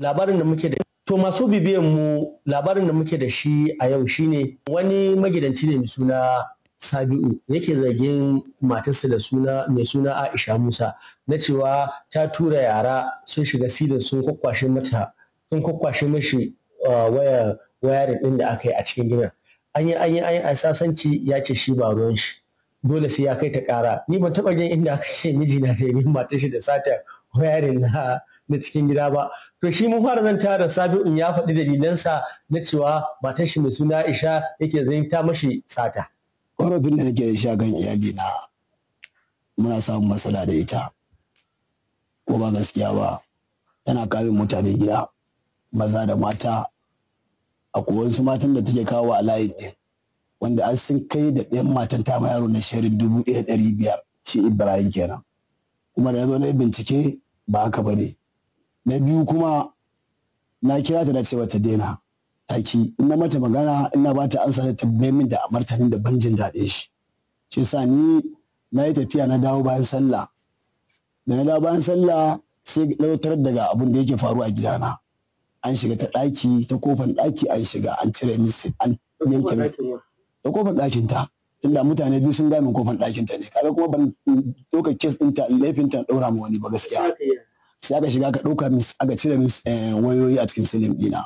labarin da muke da to masu bibiyan mu labarin da muke da shi a yau shine wani magidanci ne mai suna Sabi'u yake zargin matarsa da suna mai suna Aisha Musa na cewa ta tura yara sun shiga silin sun kwakwashe mata sun kwakwashe mashi uh, wayar wayarin din da aka yi a cikin gidan an yi an yi an sasanci ya ce shi ba ruwan shi dole sai ya kai ta kara ni ban taba gani inda aka ce miji na da yi matar shi da sata wayarin na na cikin gida ba to shi mun fara zanta da sabi'u ya faɗi dalilansa na cewa matar shi mai suna Aisha yake zanta ta mashi sata ƙorafin da nake sha gan iyali na muna samun matsala da ita ko ba gaskiya ba tana kawo mutane gida maza da mata akwai wasu matan da take kawo a layin ɗin wanda an sun kai da ɗayan matan ta ma yaro na shirin dubu ɗaya ɗari biyar shi ibrahim kenan kuma da ya zo na bincike ba haka ba ne na biyu kuma na kira ta da cewa ta daina taki in na mata magana ina ba ta ansa ta bai min da martanin da ban jin daɗin shi ce sa ni na yi tafiya na dawo bayan sallah da na dawo bayan sallah sai lautar daga abin da yake faru a gidana an shiga ta ɗaki ta kofan ɗaki an shiga an cire min an yanke ta kofan ɗakin ta tunda mutane biyu sun gane kofan ɗakin ta ne kaga kuma ban ɗaukar kes ɗinta laifinta ta ɗaura ma wani ba gaskiya sai aka shiga aka ɗauka mis aka cire mis eh, wayoyi a cikin silim dina.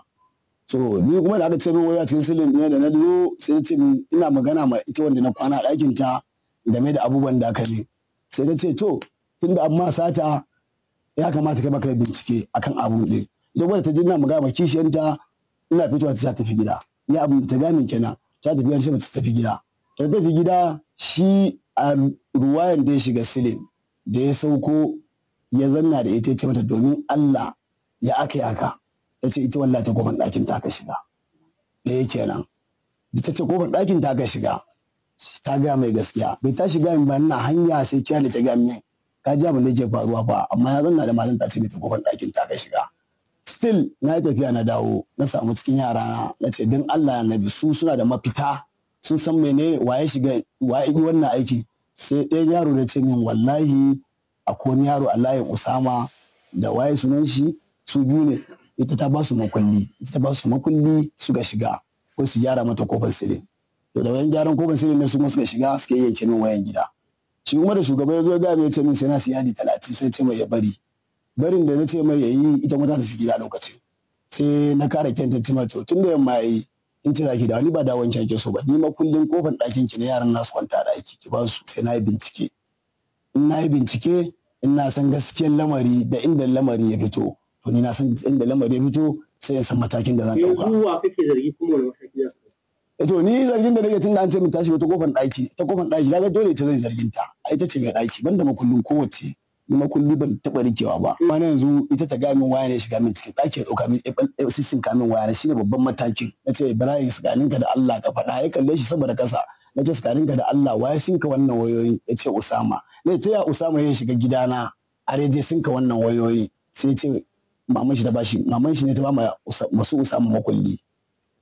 so ni kuma da aka cire min wayoyi a cikin silim ɗina da na zo sai na ce ina magana ma ita wanda na kwana a ɗakin ta game da abubuwan da aka ne sai ta ce to tunda an ma sata ya kamata kai maka bincike akan abu ɗin duk wanda ta ji ina magana ma kishiyanta ina fitowa ta tafi gida ya abu ta gane kenan ta tafi yanci ta tafi gida ta tafi gida shi a um, ruwayan da ya shiga silin da ya sauko ya zanna da ita ce mata domin Allah ya aka yi aka ya ce ita wallahi ta kofar ɗakin ta ka shiga ɗaya kenan da ta ce kofar ɗakin ta ka shiga ta gaya mai gaskiya bai ta shiga in ba hanya sai kira da ta gaya min ka ji abin da ke faruwa ba amma ya zanna da matan ta ce ta kofar ɗakin ta ka shiga still na yi tafiya na dawo na samu cikin yara na ce don Allah na bi su suna da mafita sun san wa waye shiga waye yi wannan aiki sai ɗaya yaro da ce min wallahi akwai wani yaro Allah ya usama da waye sunan shi su biyu ne ita ta ba su makulli ita ta ba su makulli suka shiga ko su gyara mata kofar sirri to da wayan gyaran kofar sirri ne su kuma suka shiga suka iya kirin wayan gida shi kuma da shugaba ya zo ga ya ce min sai na siya di talatin sai ce mai ya bari barin da na ce mai ya yi ita mata ta tafi gida lokacin sai na kare kyanta tima to tun da yamma ya yi in ce zaki da wani ba da wancan ke so ba ni makullin kullum kofar ɗakin ki na yaran nasu kwanta da aiki ki ba su sai na yi bincike in na yi bincike in na san gaskiyar lamari da inda lamari ya fito to ni na san inda lamari ya fito sai in san matakin da zan dauka ni kuwa kake zargi kuma wani mataki eh to ni zargin da nake tun da an ce mun tashi ta kofar ɗaki ta kofar ɗaki kaga dole ita zai zargin ta a ita ce mai ɗaki banda makullin kowace ni makulli ban taba rikewa ba amma na yanzu ita ta gamin waya ne shiga min cikin ɗaki ya ɗauka min sisin kamin waya ne shine babban matakin na ce Ibrahim ka da Allah ka faɗa ya kalle shi saboda kasa na ce tsakaninka da Allah ya sinka wannan wayoyin ya ce Usama ne ta ya Usama ya shiga gidana a reje sinka wannan wayoyi sai ya ce maman shi ta bashi maman shi ne ta ba masu Usama makulli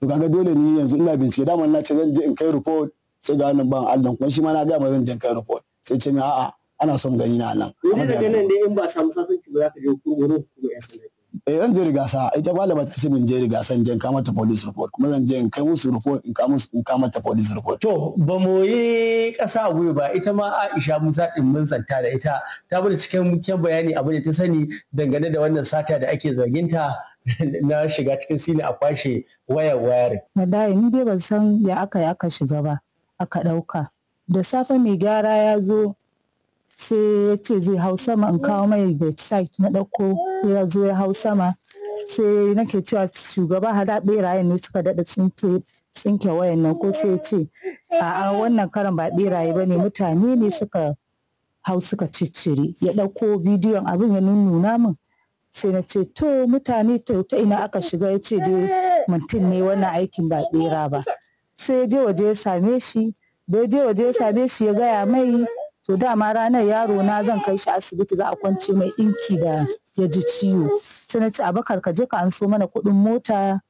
to kaga dole ni yanzu ina bincike dama na ce zan je in kai report sai ga wannan ban Allah kuma shi ma na ga ma zan je in kai report sai ce mi a'a ana son gani na nan. Ni da nan dai in ba samu sasanci ba za ka je ko wurin ko 'yan sanda. eh zan je sa, ita malama ta sai min je riga in je kama ta police report kuma zan je in kai musu report in kama in kama ta police report to ba mu yi kasa gwiwa ba ita ma Aisha Musa din mun zanta da ita ta bude cikin mukin bayani abin da ta sani dangane da wannan sata da ake zarginta na shiga cikin sini a kwashe wayar wayar wallahi ni dai ban san ya aka ya aka shiga ba aka dauka da safe mai gyara ya zo sai ya ce zai hau sama in kawo mai bedside na dauko ya zo ya hau sama sai nake cewa shugaba hada berayen ne suka daɗa tsinke tsinke wayan nan ko sai ya ce a'a wannan karan ba beraye ba ne mutane ne suka hau suka ciccire ya ɗauko bidiyon abin ya nuna min sai na ce to mutane to ta ina aka shiga ya ce dai mutum ne wannan aikin ba bera ba sai je waje ya same shi da je waje ya same shi ya gaya mai to dama ranar yaro na zan kai shi asibiti za a kwance mai ɗinki da ya ji ciwo sai na ce abakar ka je ka an so mana kuɗin mota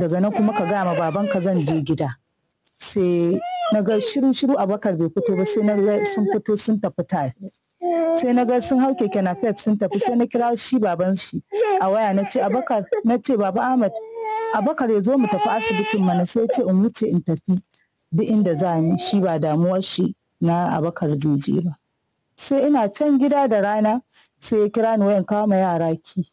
daga nan kuma ka gama baban ka zan je gida sai na ga shiru shiru abakar bai fito ba sai na ga sun fito sun tafi tare sai na ga sun hauke keke fet sun tafi sai na kira shi baban shi a waya na ce abakar na ce baba ahmad abakar ya zo mu tafi asibitin mana sai ce in wuce in tafi duk inda za ni shi ba damuwar shi na abakar jeje ba sai ina can gida da rana sai ya kira ni wayan kawo ma yara ki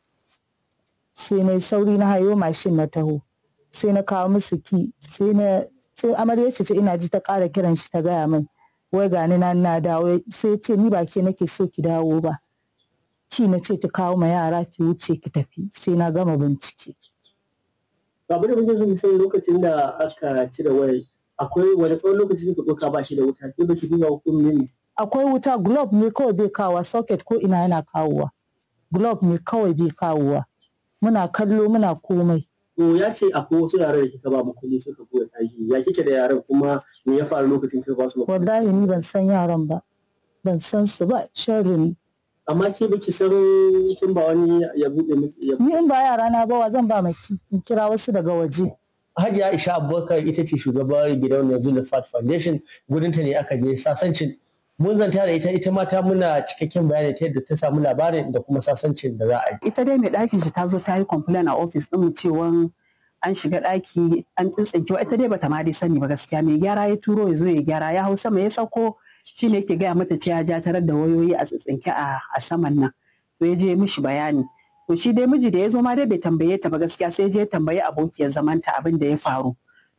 sai na sauri na hayo mashin na taho sai na kawo musu ki sai na sai amarya ce ce ina ji ta ƙara kiran shi ta gaya mai. wai gani na na dawo sai ce ni ba ke nake so ki dawo ba ki na ce ki kawo ma yara ki wuce ki tafi sai na gama bincike abin da muke so sai lokacin da aka cire wayar akwai wani tsawon lokaci ka ɗauka ba shi da wuta sai ba shi duba hukun ne akwai wuta globe ne kawai bai kawo socket ko ina yana kawowa globe ne kawai bai kawowa muna kallo muna komai to ya ce akwai wasu yaran da kika ba mu kuɗi suka buɗe taki ya kike da yaran kuma me ya faru lokacin kika ba su wallahi ni ban san yaran ba ban san su ba sharrin amma ke ki san kin ba wani ya buɗe miki ni in ba yara na ba wa zan ba maki in kira wasu daga waje Hajiya Aisha Abubakar ita ce shugabar gidauniyar Fat Foundation gudunta ne aka je sasancin mun zanta da ita ita ma ta muna cikakken bayani ta yadda ta samu labarin da kuma sasancin da za a yi. Ita dai mai ɗakin shi ta zo ta yi complain a ofis ɗin cewan an shiga ɗaki an tsintsinke ita dai bata ma dai sani ba gaskiya mai gyara ya turo ya zo ya gyara ya hau sama ya sauko shi ne yake gaya mata cewa ja tarar da wayoyi a tsintsinke a saman nan. To ya je mishi bayani. to shi dai miji da ya zo ma dai bai tambaye ta ba gaskiya sai je tambayi abokiyar zamanta abin da ya faru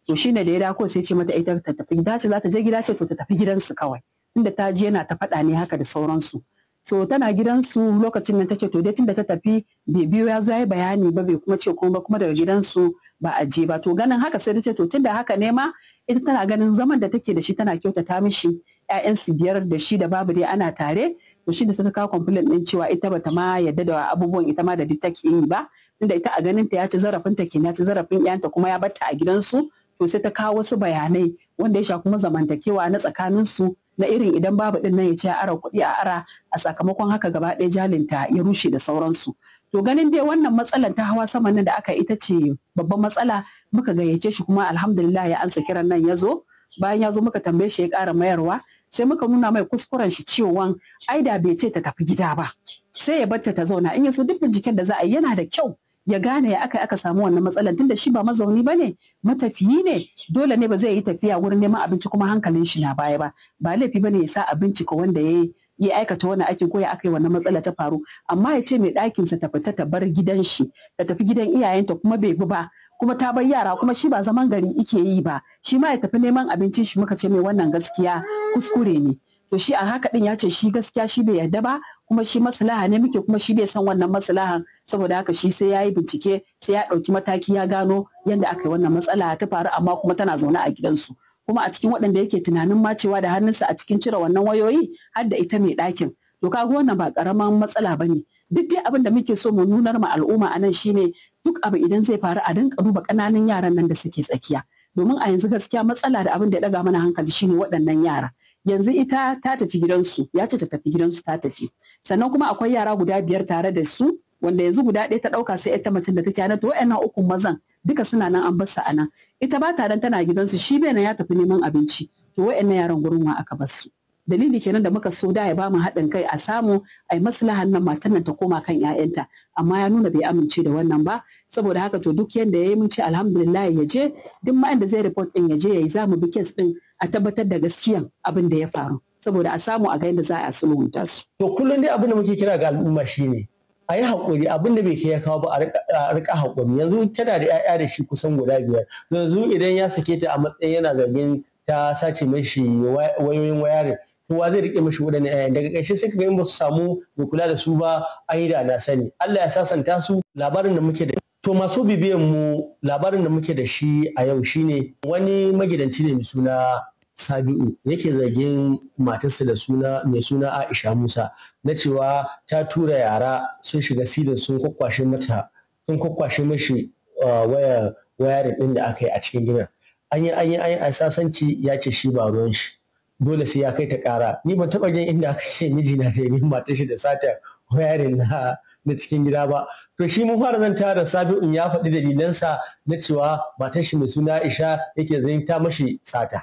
to ne da ya dako sai ce mata ita ta tafi gida ce za ta je gida ce to ta tafi gidansu kawai inda ta je yana ta faɗa ne haka da sauransu so tana gidansu lokacin nan ce to dai tunda ta tafi bai biyo ya zo ya yi bayani ba bai kuma ce kuma ba kuma daga gidansu ba a je ba to ganin haka sai ce to tunda haka ne ma ita tana ganin zaman da take da shi tana kyautata mishi 'ya'yansu biyar da shi da babu dai ana tare to shi da ta kawo complaint din cewa ita bata ma yadda da abubuwan ita ma da duk take yi ba tunda ita a ganin ta ya ci zarafin ta kenan ya ci zarafin iyanta kuma ya batta a gidansu to sai ta kawo wasu bayanai wanda ya sha kuma zamantakewa na tsakanin su na irin idan babu din nan ya ci ara kuɗi a ara a sakamakon haka gaba ɗaya jalinta ya rushe da sauransu to ganin dai wannan matsalar ta hawa saman nan da aka ita ce babban matsala muka gayyace shi kuma alhamdulillah ya ansa kiran nan ya zo bayan ya zo muka tambaye shi ya ƙara mayarwa sai muka nuna mai kuskuren shi ciwon. ai da bai ce ta tafi gida ba sai ya barta ta zauna in ya so duk binciken da za a yi yana da kyau ya gane ya aka aka samu wannan matsalar tunda shi ba mazauni bane matafiyi ne dole ne ba zai yi tafiya wurin neman abinci kuma hankalin shi na baya ba ba laifi bane ya sa abinci ka wanda ya ya aikata wannan aikin ko ya aka yi wannan matsala ta faru amma ya ce mai ɗakinsa ta fita ta bar gidan shi ta tafi gidan iyayenta kuma bai bi ba kuma ta bar yara kuma shi ba zaman gari ike yi ba shi ma ya tafi neman abincin shi muka ce mai wannan gaskiya kuskure ne to shi a haka din ya ce shi gaskiya shi bai yarda ba kuma shi maslaha ne muke kuma shi bai san wannan maslahan saboda haka shi sai ya yi bincike sai ya ɗauki mataki ya gano yadda aka yi wannan matsala ta faru amma kuma tana zaune a gidansu kuma a cikin waɗanda yake tunanin macewa da hannunsa a cikin cire wannan wayoyi har da ita mai ɗakin to kaga wannan ba ƙaramin matsala ba ne duk dai abin da muke so mu nunar ma al'umma a nan shine duk abu idan zai faru a dinka duba ƙananan yaran nan da suke tsakiya domin a yanzu gaskiya matsala da abin da ya daga mana hankali shine waɗannan yara yanzu ita ta tafi gidansu ya ce ta tafi gidansu ta tafi sannan kuma akwai yara guda biyar tare da su wanda yanzu guda ɗaya ta ɗauka sai ita macen da take nan to waɗannan uku mazan duka suna nan an barsu a nan ita ba ta nan tana gidansu shi bai ya tafi neman abinci to waɗannan yaran gurin wa aka basu. su dalili kenan da muka so da ya bamu haɗin kai a samu a yi maslahan nan matan nan ta koma kan 'ya'yanta amma ya nuna bai amince da wannan ba saboda haka to duk yanda ya yi mun ce alhamdulillah ya je duk ma da zai report din ya je ya yi za mu bi kes din a tabbatar da gaskiyan abin da ya faru saboda a samu a ga yadda za a sulhunta su. To kullum dai abin da muke kira ga al'umma shine a yi haƙuri abin da bai kai ya kawo ba a rika haƙuri yanzu tana da 'ya'ya da shi kusan guda biyar yanzu idan ya sake ta a matsayin yana zargin ta sace mashi wayoyin wayarin kowa zai rike mashi waɗannan ƴaƴan daga ƙarshe sai kaga in ba su samu mai kula da su ba an yi da na sani Allah ya sasanta su labarin da muke da to masu bibiyan mu labarin da muke da shi a yau shine wani magidanci ne mai suna Sabi'u yake zargin matarsa da suna mai suna Aisha Musa na cewa ta tura yara sun shiga silin sun kwakwashe mata sun kwakwashe mashi wayar wayarin ɗin da aka yi a cikin gidan an yi an yi an sasanci ya ce shi ba ruwan shi dole sai ya kai ta kara ni ban taba jin inda aka ce miji na ce min mata shi da sata wayarin na na cikin gida ba to shi mun fara zanta da sabi'u ya faɗi dalilansa na cewa matar shi mai suna Aisha yake zanta mashi sata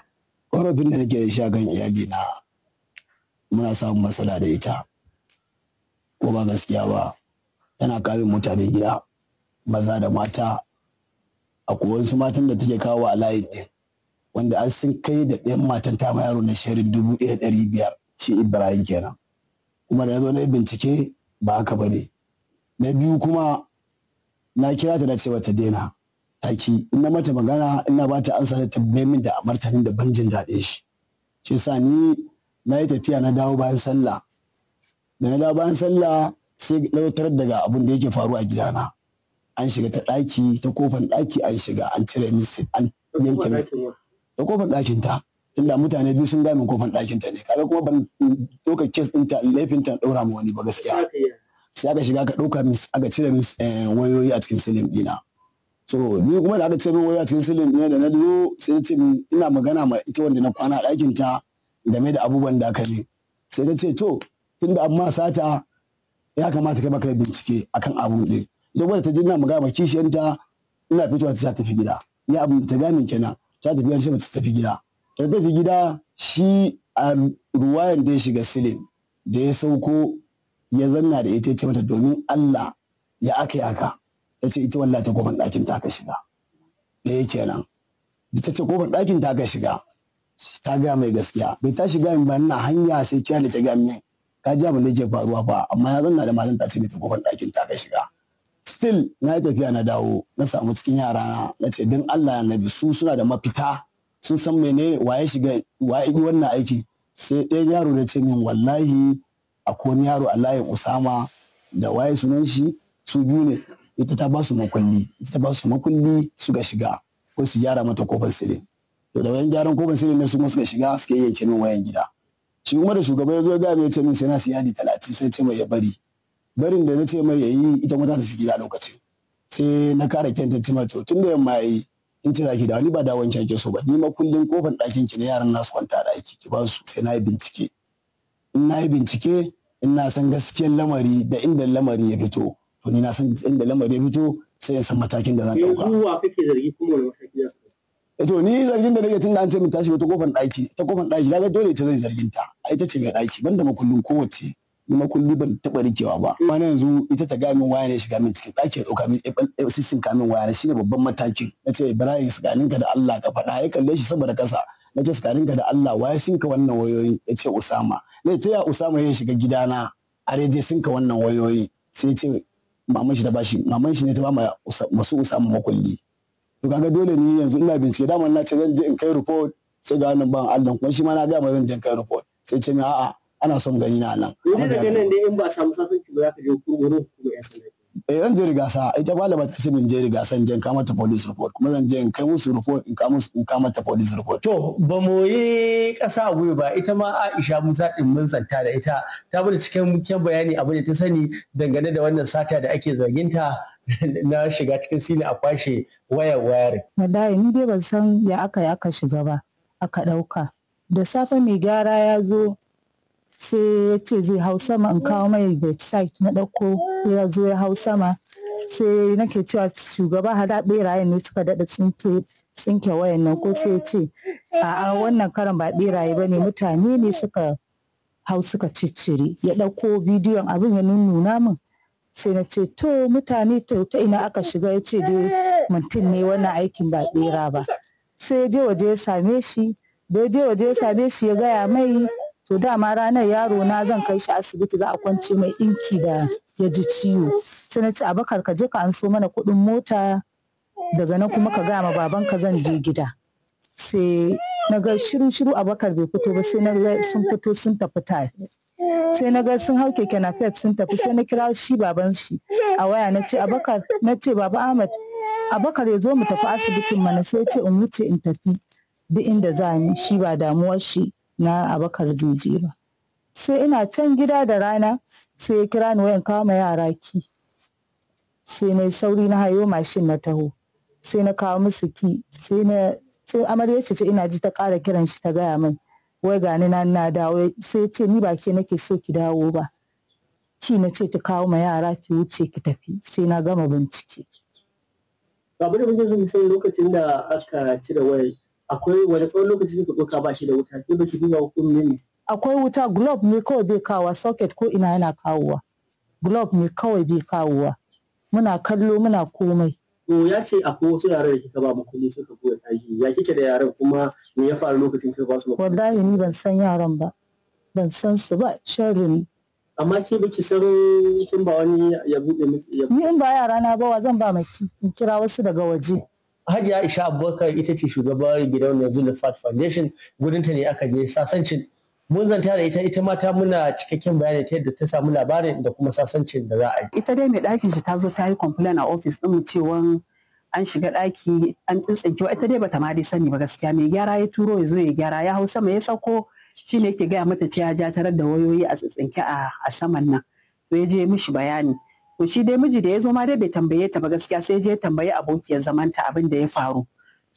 ƙorafin da nake sha gan iyali na muna samun matsala da ita ko ba gaskiya ba tana kawo mutane gida maza da mata akwai wasu matan da take kawo a layin ɗin wanda an sun kai da ɗayan matan ta ma yaro na shari dubu ɗaya ɗari biyar ce ibrahim kenan kuma da zo na bincike ba haka ba ne na biyu kuma na kira ta na ce ta daina taki in na mata magana ina bata ta ansa ta tabbai min da martanin da ban jin shi ce sa ni na yi tafiya na dawo bayan sallah da na dawo bayan sallah sai lautar daga abun da yake faru a gidana an shiga ta ɗaki ta kofan ɗaki an shiga an cire min an yanke da kofar ɗakin ta tunda mutane biyu sun gamin kofar ɗakin ta ne kaga kuma ban ɗauka kes ɗinta laifin ta ɗora ma wani ba gaskiya sai aka shiga ka ɗauka aka cire mis eh, wayoyi a cikin silim ɗina so ni kuma da aka cire min wayoyi a cikin silim ɗina da na biyu sai na ce ina magana ma ita wanda na kwana a ɗakin ta game da abubuwan da aka ne sai ta ce to tunda amma sata ya kamata kai maka bincike akan abu ɗin ita wadda ta ji ina magana ma kishiyanta ina fitowa ta sa tafi gida ya abu ta gane kenan ta tafi an ce mata tafi gida ta tafi gida shi a um, ruwayan da ya shiga silin da ya sauko ya zanna da ita ce mata domin Allah ya aka yi aka ya ce ita wallah ta kofar ɗakin ta ka shiga da ya kenan da ta ce kofar ɗakin ta ka shiga ta gaya mai gaskiya bai ta shiga min ba na hanya sai kiyar da ta gaya min ka ji abin da ke faruwa ba amma ya zanna da matan ta ce mata kofar ɗakin ta ka shiga still na yi tafiya na dawo na samu cikin yara na na ce don Allah na bi su suna da mafita sun san menene waye shiga waye yi wannan aiki sai ɗaya yaro da ce min wallahi a wani yaro a layin Usama da waye sunan shi su biyu ne ita ta ba su makulli ita ta ba su makulli su ga shiga ko su gyara mata kofar sirri to da wayan gyaran kofar sirri ne su suka shiga suka yanke min wayan gida shi kuma da shugaba ya zo ya gaya ya ce min sai na siya di talatin sai ce mai ya bari barin da na ce mai yayi ita kuma ta tafi gida lokacin sai na kara kyanta cima to tun da yamma yayi in ce zaki da wani ba da wancan ke so ba ni ma kullun kofar ɗakin ki na yaran nasu kwanta a aiki ki ba su sai na yi bincike in na yi bincike in na san gaskiyar lamari da inda lamari ya fito to ni na san inda lamari ya fito sai in san matakin da zan ɗauka. Yanzu kake zargi kuma wani matakiya. Eh to ni zargin da nake tun da an ce mu tashi wata kofar ɗaki ta kofar ɗaki kaga dole ita zai zargin ta ai ita ce mai ɗaki banda makullin kowace makulli ban taɓa rikewa ba amma na yanzu ita ta gano waya ne shiga min cikin ɗakin ɗauka min sisin kamin waya ne shine babban matakin na ce ibrahim ka da allah ka faɗa ya kalle shi saboda kasa na ce ka da allah waya ka wannan wayoyin ya ce usama na ta ya usama ya shiga gidana a reje ka wannan wayoyi sai ce maman shi ta bashi maman shi ne ta ba masu usama makulli to kaga dole ni yanzu ina bincike dama na ce zan je in kai report sai ga wannan ban allah kuma shi ma na ga ma zan je in kai report sai ce a'a ana son gani na nan. Ko da ganin dai in ba a samu sasanci ba za ka je kurkuku ko ya sanar. eh zan je ita malama ta ce min je rigasan je kama ta police report kuma zan je in kai musu report in kama musu in kama ta police report to ba mu yi kasa gwiwa ba ita ma Aisha Musa din mun zanta da ita ta bada cikin kyan bayani abin da ta sani dangane da wannan sata da ake zarginta na shiga cikin sini a kwashe wayar wayar wallahi ni dai ban san ya aka ya aka shiga ba aka ɗauka. da safe mai gyara ya zo sai ya ce zai hau sama in kawo mai bedside na ɗauko ya zo ya hau sama sai nake cewa shugaba hada berayen ne suka daɗa tsinke tsinke wayan nan ko sai ya ce a'a wannan karan ba beraye ba ne mutane ne suka hau suka ciccire ya ɗauko bidiyon abin ya nunnuna min sai na ce to mutane to ta ina aka shiga ya ce dai mutum ne wannan aikin ba bera ba sai je waje ya same shi da je waje ya same shi ya gaya mai to dama ranar yaro na zan kai shi asibiti za a kwance mai inki da ya ji ciwo sai na ce abakar ka je ka an so mana kuɗin mota daga nan kuma ka gama baban ka zan je gida sai na ga shiru shiru abakar bai fito ba sai na ga sun fito sun tafi ta sai na ga sun hau keke na sun tafi sai na kira shi baban shi a waya na ce abakar na ce baba ahmad abakar ya zo mu tafi asibitin mana sai ce in wuce in tafi duk inda za ni shi ba damuwar shi na abakar jeje ba sai ina can gida da rana sai ya kira ni wayan kawo ma yara ki sai na sauri na hayo mashin na taho sai na kawo musu ki sai na sai amarya ce ina ji ta ƙara kiran shi ta gaya mai. wai gani na na dawo sai ce ni ba ke nake so ki dawo ba ki na ce ta kawo ma yara ki wuce ki tafi sai na gama bincike abu da muke so sai lokacin da aka cire wayar akwai wani tsawon lokaci ka ɗauka ba shi da wuta ke ba ki duba ko ne. akwai wuta globe ne kawai bai kawa socket ko ina yana kawowa globe ne kawai bai kawowa muna kallo muna komai to ya ce akwai wasu yaran da kika ba mu kuɗi suka koya taki ya kike da yaran kuma me ya faru lokacin kika ba su wallahi ni ban san yaran ba ban san su ba sharrin amma ke ki san kin ba wani ya bude miki ni in ba yara na ba wa zan ba maki in kira wasu daga waje Hajiya Aisha Abubakar ita ce shugabar na fat Foundation gudunta ne aka je sasancin mun zanta da ita ita mata muna cikakken bayani ta yadda ta samu labarin da kuma sasancin da za a yi. Ita dai mai ɗakin shi ta zo ta yi complain a ofis ɗin mu cewa an shiga ɗaki an tsintsinke ita dai bata ma dai sani ba gaskiya mai gyara ya turo ya zo ya gyara ya hau sama ya sauko shi ne yake gaya mata cewa ja tarar da wayoyi a tsintsinke a saman nan. To ya je mishi bayani. to shi dai miji da ya zo ma dai bai tambaye ta ba gaskiya sai je tambayi abokiyar zamanta abin da ya faru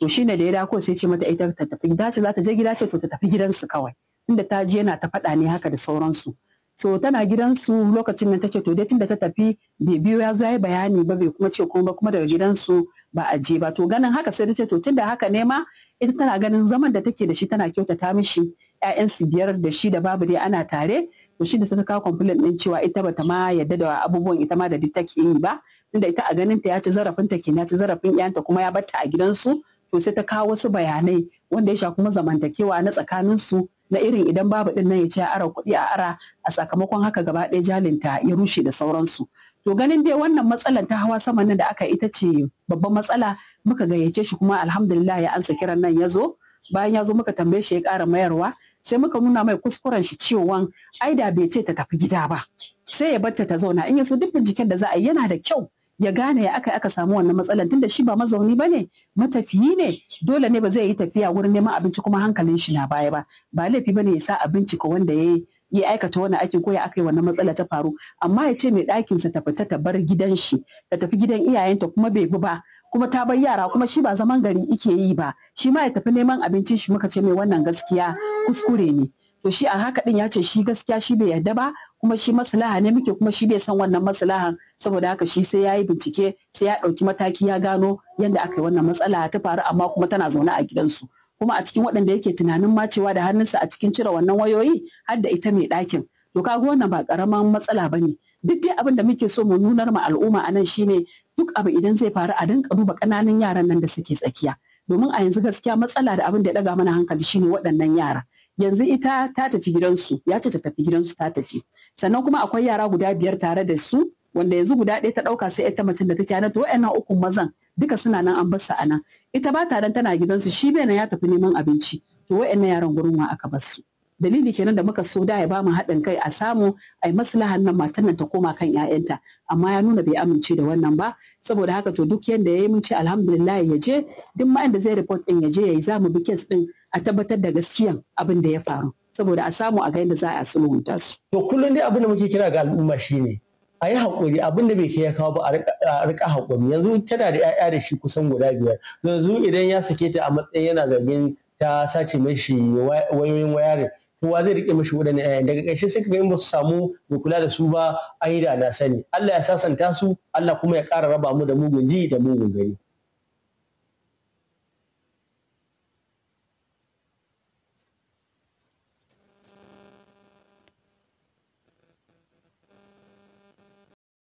to shi ne da ya dako sai ce mata ita ta tafi gida ce za ta je gida ce to ta tafi gidansu kawai Inda ta je yana ta faɗa ne haka da sauransu so tana gidansu lokacin nan tace to dai tunda ta tafi bai biyo ya zo ya yi bayani ba bai kuma ce kuma kuma daga gidansu ba a je ba to ganin haka sai ta ce to tunda haka ne ma ita tana ganin zaman da take da shi tana kyautata mishi 'ya'yansu biyar da shi da babu dai ana tare to shi da ta kawo complaint din cewa ita bata ma yadda da abubuwan ita ma da duk take yi ba tunda ita a ganin ta ya ci zarafin ta kenan ya ci zarafin yanta kuma ya batta a gidansu to sai ta kawo wasu bayanai wanda ya sha kuma zamantakewa na tsakanin su na irin idan babu din nan ya ci ara kuɗi a ara a sakamakon haka gaba ɗaya jalinta ya rushe da sauransu to ganin dai wannan matsalar ta hawa sama nan da aka ita ce babban matsala muka gayyace shi kuma alhamdulillah ya ansa kiran nan ya zo bayan ya zo muka tambaye shi ya kara mayarwa sai muka nuna mai kuskuren shi cewa ai da bai ce ta tafi gida ba sai ya barta ta zauna in ya so duk binciken da za a yi yana da kyau ya gane ya aka aka samu wannan matsalar tunda shi ba mazauni ba ne? matafiyi ne dole ne ba zai yi tafiya wurin neman abinci kuma hankalin shi na baya ba ba laifi ba ne ya sa abinci ka wanda ya ya aikata wani aikin ko ya aka yi wannan matsala ta faru amma ya ce mai ɗakinsa ta fita ta bar gidan shi ta tafi gidan iyayenta kuma bai bi ba kuma ta bar yara kuma shi ba zaman gari ike yi ba shi ma ya tafi neman abincin shi muka ce mai wannan gaskiya kuskure ne to shi a haka din ya ce shi gaskiya shi bai yarda ba kuma shi maslaha ne muke kuma shi bai san wannan maslahan saboda haka shi sai ya yi bincike sai ya ɗauki mataki ya gano yadda aka yi wannan matsala ta faru amma kuma tana zaune a gidansu kuma a cikin waɗanda yake tunanin macewa da hannunsa a cikin cire wannan wayoyi har da ita mai ɗakin to kaga wannan ba ƙaramin matsala ba ne duk dai abin da muke so mu nunar ma al'umma a nan shine duk abu idan zai faru a dinka duba ƙananan yaran nan da suke tsakiya domin a yanzu gaskiya matsala da abin da ya daga mana hankali shine waɗannan yara yanzu ita ta tafi gidansu ya ce ta tafi gidansu ta tafi sannan kuma akwai yara guda biyar tare da su wanda yanzu guda ɗaya ta ɗauka sai ita macen da take nan to wayannan ukun mazan duka suna nan an bar a nan ita ba ta dan tana gidansu shi bai ya tafi neman abinci to wayannan yaran gurin wa aka bar su dalili kenan da muka so da ya bamu haɗin kai a samu a yi maslahan nan matan nan ta koma kan 'ya'yanta amma ya nuna bai amince da wannan ba saboda haka to duk yanda ya yi mun ce alhamdulillah ya je duk ma da zai report din ya je ya yi za bi kes din a tabbatar da gaskiya abin da ya faru saboda a samu a ga yadda za a sulhunta su. To kullum dai abin da muke kira ga al'umma shine a yi haƙuri abin da bai ke ya kawo ba a riƙa haƙuri yanzu tana da 'ya'ya da shi kusan guda biyar yanzu idan ya sake ta a matsayin yana zargin ta sace mashi wayoyin wayarin kowa zai rike mashi waɗannan ƴaƴan daga ƙarshe sai kaga in ba su samu mai kula da su ba an yi da na sani Allah ya sasanta su Allah kuma ya ƙara raba mu da mugun ji da mugun gani